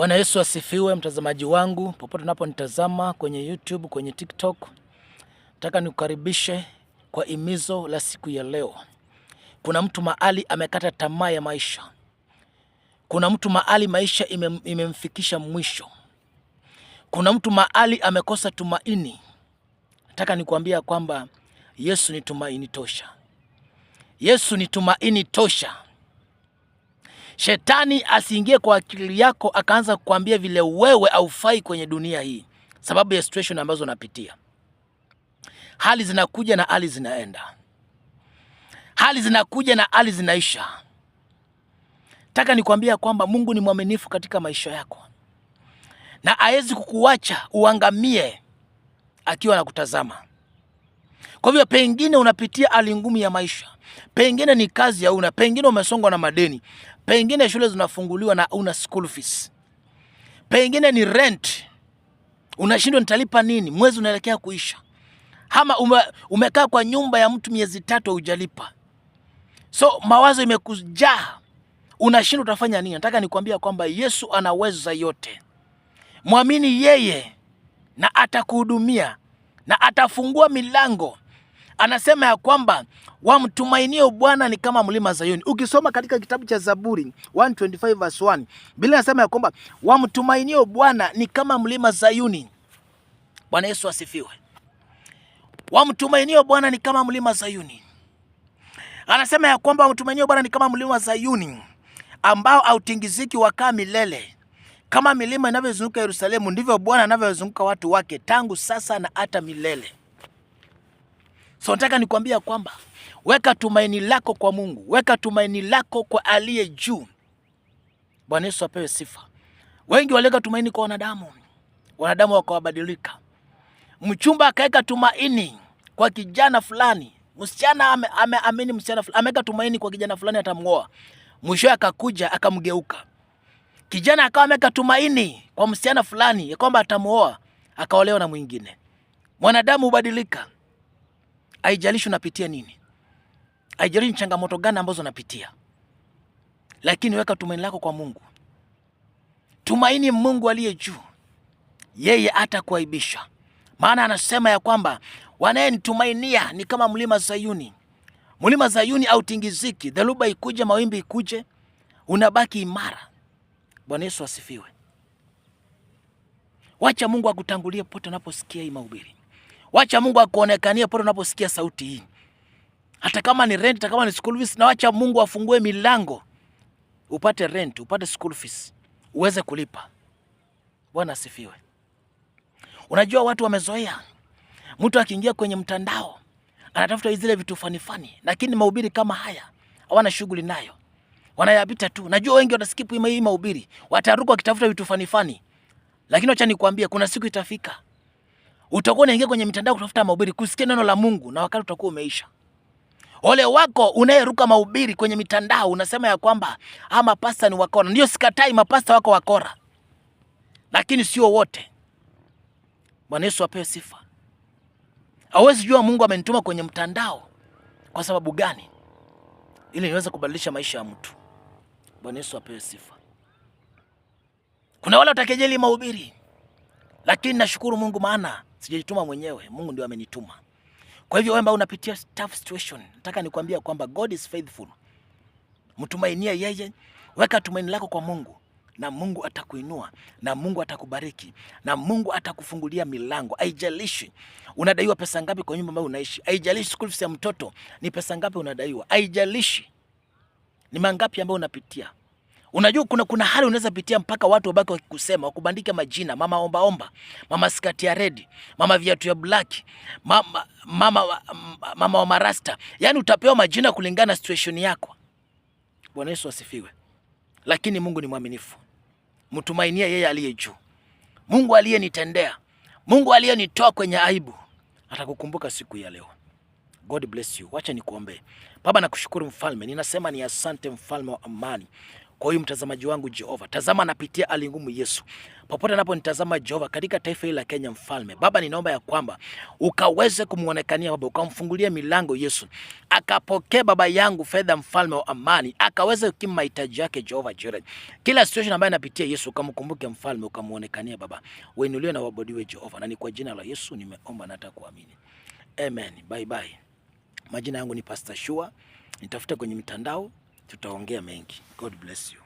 Bwana Yesu asifiwe, mtazamaji wangu popote unaponitazama kwenye YouTube, kwenye TikTok, nataka nikukaribishe kwa imizo la siku ya leo. Kuna mtu mahali amekata tamaa ya maisha, kuna mtu mahali maisha imemfikisha imemfikisha mwisho, kuna mtu mahali amekosa tumaini. Nataka nikuambia kwamba Yesu ni tumaini tosha. Yesu ni tumaini tosha. Shetani asiingie kwa akili yako akaanza kukwambia vile wewe haufai kwenye dunia hii, sababu ya situation ambazo unapitia. Hali zinakuja na hali zinaenda, hali zinakuja na hali zinaisha. Taka nikwambia kwamba Mungu ni mwaminifu katika maisha yako na hawezi kukuacha uangamie akiwa anakutazama. Kwa hivyo, pengine unapitia hali ngumu ya maisha, pengine ni kazi una pengine umesongwa na madeni, pengine shule zinafunguliwa na una school fees, pengine ni rent unashindwa nitalipa nini, mwezi unaelekea kuisha, ama ume, umekaa kwa nyumba ya mtu miezi tatu hujalipa, so mawazo imekujaa, unashindwa utafanya nini. Nataka nikwambia kwamba Yesu anaweza yote, mwamini yeye na atakuhudumia na atafungua milango anasema ya kwamba wamtumainio Bwana ni kama mlima Zayuni. Ukisoma katika kitabu cha Zaburi 125 verse 1, Biblia inasema ya kwamba wamtumainio Bwana ni kama mlima Zayuni. Bwana Yesu asifiwe. Wamtumainio Bwana ni kama mlima Zayuni. Anasema ya kwamba wamtumainio Bwana ni kama mlima Zayuni ambao hautingiziki, wakaa milele. Kama milima inavyozunguka Yerusalemu, ndivyo Bwana anavyozunguka watu wake, tangu sasa na hata milele. So nataka nikuambia kwamba weka tumaini lako kwa Mungu, weka tumaini lako kwa aliye juu. Bwana Yesu apewe sifa. Wengi waliweka tumaini kwa wanadamu, wanadamu wakawabadilika. Mchumba akaweka tumaini kwa kijana fulani, msichana ameamini ame, msichana fulani ameweka tumaini kwa kijana fulani atamwoa, mwishowe akakuja akamgeuka. Kijana akawa ameweka tumaini kwa msichana fulani ya kwamba atamuoa, akaolewa na mwingine. Mwanadamu hubadilika haijalishi unapitia nini, haijalishi changamoto gani ambazo unapitia, lakini weka tumaini lako kwa Mungu. Tumaini Mungu aliye juu, yeye atakuaibisha, maana anasema ya kwamba wanayenitumainia ni kama mlima Zayuni. Mlima Zayuni hautingiziki, dharuba ikuje, mawimbi ikuje, unabaki imara. Bwana Yesu asifiwe. Wacha Mungu akutangulie pote unaposikia hii mahubiri. Wacha Mungu akuonekanie pale unaposikia sauti hii, hata kama ni rent, hata kama ni school fees, na wacha Mungu afungue milango upate rent, upate school fees, uweze kulipa. Bwana asifiwe. Unajua watu wamezoea, mtu akiingia kwenye mtandao anatafuta zile vitu fani fani, lakini mahubiri kama haya hawana shughuli nayo, wanayapita tu. Najua wengi wataskip hii mahubiri, wataruka wakitafuta vitu fani fani, lakini wacha nikwambie, kuna siku itafika utakuwa unaingia kwenye mitandao kutafuta mahubiri kusikia neno la Mungu na wakati utakuwa umeisha. Ole wako unayeruka mahubiri kwenye mitandao unasema ya kwamba ama ah, mapasta ni wakora. Ndio, sikatai mapasta wako wakora, lakini sio wote. Bwana Yesu apewe sifa. Hawezi jua Mungu amenituma kwenye mtandao kwa sababu gani, ili niweze kubadilisha maisha ya mtu. Bwana Yesu apewe sifa. Kuna wale watakejeli mahubiri, lakini nashukuru Mungu maana Sijajituma mwenyewe, Mungu ndio amenituma. Kwa hivyo wewe ambaye unapitia tough situation, nataka nikwambia kwamba God is faithful. Mtumainie yeye, weka tumaini lako kwa Mungu na Mungu atakuinua na Mungu atakubariki na Mungu atakufungulia milango. Haijalishi unadaiwa pesa ngapi kwa nyumba ambayo unaishi, haijalishi school fees ya mtoto ni pesa ngapi unadaiwa, haijalishi ni mangapi ambayo unapitia. Unajua kuna, kuna hali unaweza pitia mpaka watu wabaki wakikusema wakubandike majina mama omba omba, mama skati ya redi, mama viatu ya black, mama, mama, mama wa marasta. Yani utapewa majina kulingana na situation yako. Bwana Yesu asifiwe. Lakini Mungu ni mwaminifu. Mtumainie yeye aliye juu. Mungu aliyenitendea, Mungu aliyenitoa kwenye aibu atakukumbuka siku ya leo. God bless you. Wacha nikuombee. Baba, nakushukuru mfalme, ninasema ni asante mfalme wa amani kwa hiyo mtazamaji wangu Jehova, tazama napitia hali ngumu Yesu, popote anaponitazama Jehova, katika taifa hili la Kenya, mfalme Baba, ninaomba ya kwamba ukaweze kumuonekania Baba, ukamfungulia milango Yesu, akapokea Baba yangu fedha, mfalme wa amani, akaweze kukimu mahitaji yake Jehova Jireh, kila situation ambayo napitia Yesu, ukamkumbuke mfalme, ukamuonekania Baba, uinuliwe na uabudiwe Jehova. Na ni kwa jina la Yesu nimeomba na atakuamini. amen. Bye bye. Majina yangu ni Pastor Shua, nitafuta kwenye mitandao tutaongea mengi. God bless you.